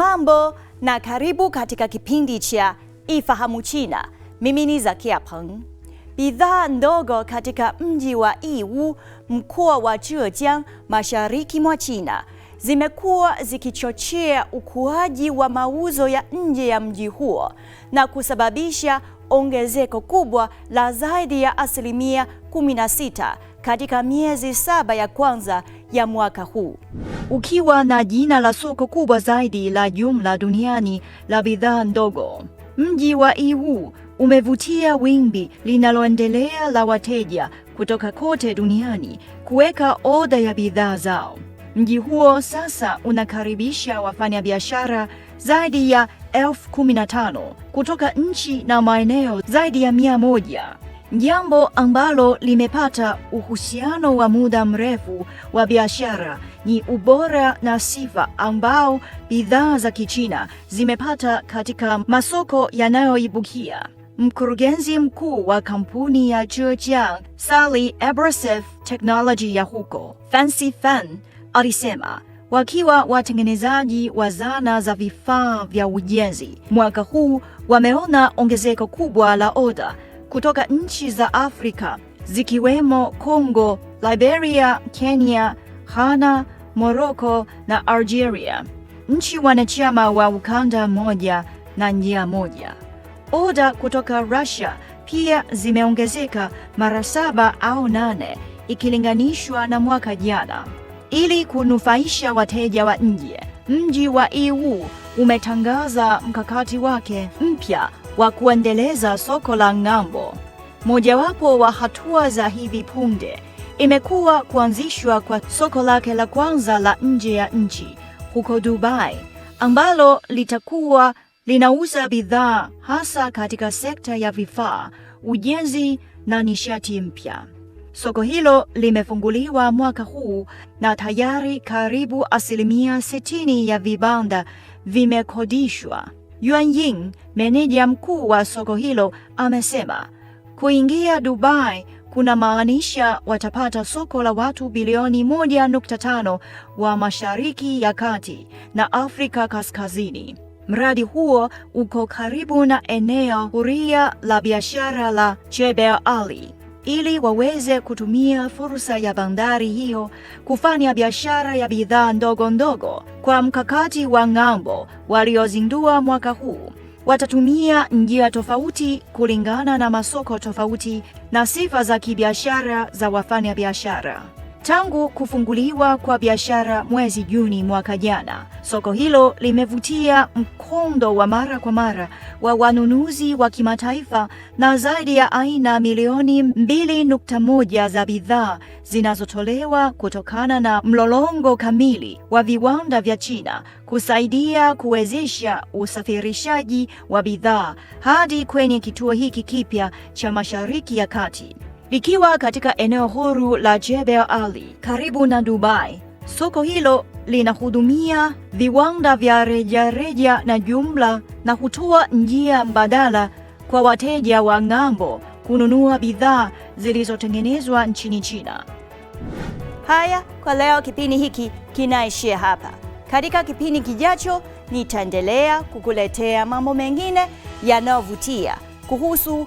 Mambo na karibu katika kipindi cha Ifahamu China. Mimi ni Zakia Peng. Bidhaa ndogo katika mji wa Yiwu, mkoa wa Zhejiang, mashariki mwa China, zimekuwa zikichochea ukuaji wa mauzo ya nje ya mji huo na kusababisha ongezeko kubwa la zaidi ya asilimia 16 katika miezi saba ya kwanza ya mwaka huu. Ukiwa na jina la soko kubwa zaidi la jumla duniani la bidhaa ndogo, mji wa Yiwu umevutia wimbi linaloendelea la wateja kutoka kote duniani kuweka oda ya bidhaa zao. Mji huo sasa unakaribisha wafanyabiashara zaidi ya elfu kumi na tano kutoka nchi na maeneo zaidi ya mia moja. Jambo ambalo limepata uhusiano wa muda mrefu wa biashara ni ubora na sifa ambao bidhaa za Kichina zimepata katika masoko yanayoibukia. Mkurugenzi mkuu wa kampuni ya Zhejiang Sali Abrasive Technology ya huko Fancy Fan alisema wakiwa watengenezaji wa zana za vifaa vya ujenzi, mwaka huu wameona ongezeko kubwa la oda kutoka nchi za Afrika zikiwemo Kongo, Liberia, Kenya, Ghana, Morocco na Algeria, nchi wanachama wa ukanda moja na njia moja. Oda kutoka Russia pia zimeongezeka mara saba au nane ikilinganishwa na mwaka jana ili kunufaisha wateja wa nje. Mji wa EU umetangaza mkakati wake mpya wa kuendeleza soko la ng'ambo. Mojawapo wa hatua za hivi punde imekuwa kuanzishwa kwa soko lake la kwanza la nje ya nchi huko Dubai, ambalo litakuwa linauza bidhaa hasa katika sekta ya vifaa, ujenzi na nishati mpya. Soko hilo limefunguliwa mwaka huu na tayari karibu asilimia 60 ya vibanda vimekodishwa. Yuan Ying, meneja mkuu wa soko hilo, amesema kuingia Dubai kuna maanisha watapata soko la watu bilioni 1.5 wa Mashariki ya Kati na Afrika Kaskazini. Mradi huo uko karibu na eneo huria la biashara la Jebel Ali ili waweze kutumia fursa ya bandari hiyo kufanya biashara ya bidhaa ndogo ndogo. Kwa mkakati wa ng'ambo waliozindua mwaka huu, watatumia njia tofauti kulingana na masoko tofauti na sifa za kibiashara za wafanyabiashara. Tangu kufunguliwa kwa biashara mwezi Juni mwaka jana, soko hilo limevutia mkondo wa mara kwa mara wa wanunuzi wa kimataifa na zaidi ya aina milioni 2.1 za bidhaa zinazotolewa kutokana na mlolongo kamili wa viwanda vya China kusaidia kuwezesha usafirishaji wa bidhaa hadi kwenye kituo hiki kipya cha Mashariki ya Kati likiwa katika eneo huru la Jebel Ali karibu na Dubai. Soko hilo linahudumia viwanda vya rejareja na jumla na hutoa njia mbadala kwa wateja wa ng'ambo kununua bidhaa zilizotengenezwa nchini China. Haya kwa leo, kipindi hiki kinaishia hapa. Katika kipindi kijacho, nitaendelea kukuletea mambo mengine yanayovutia kuhusu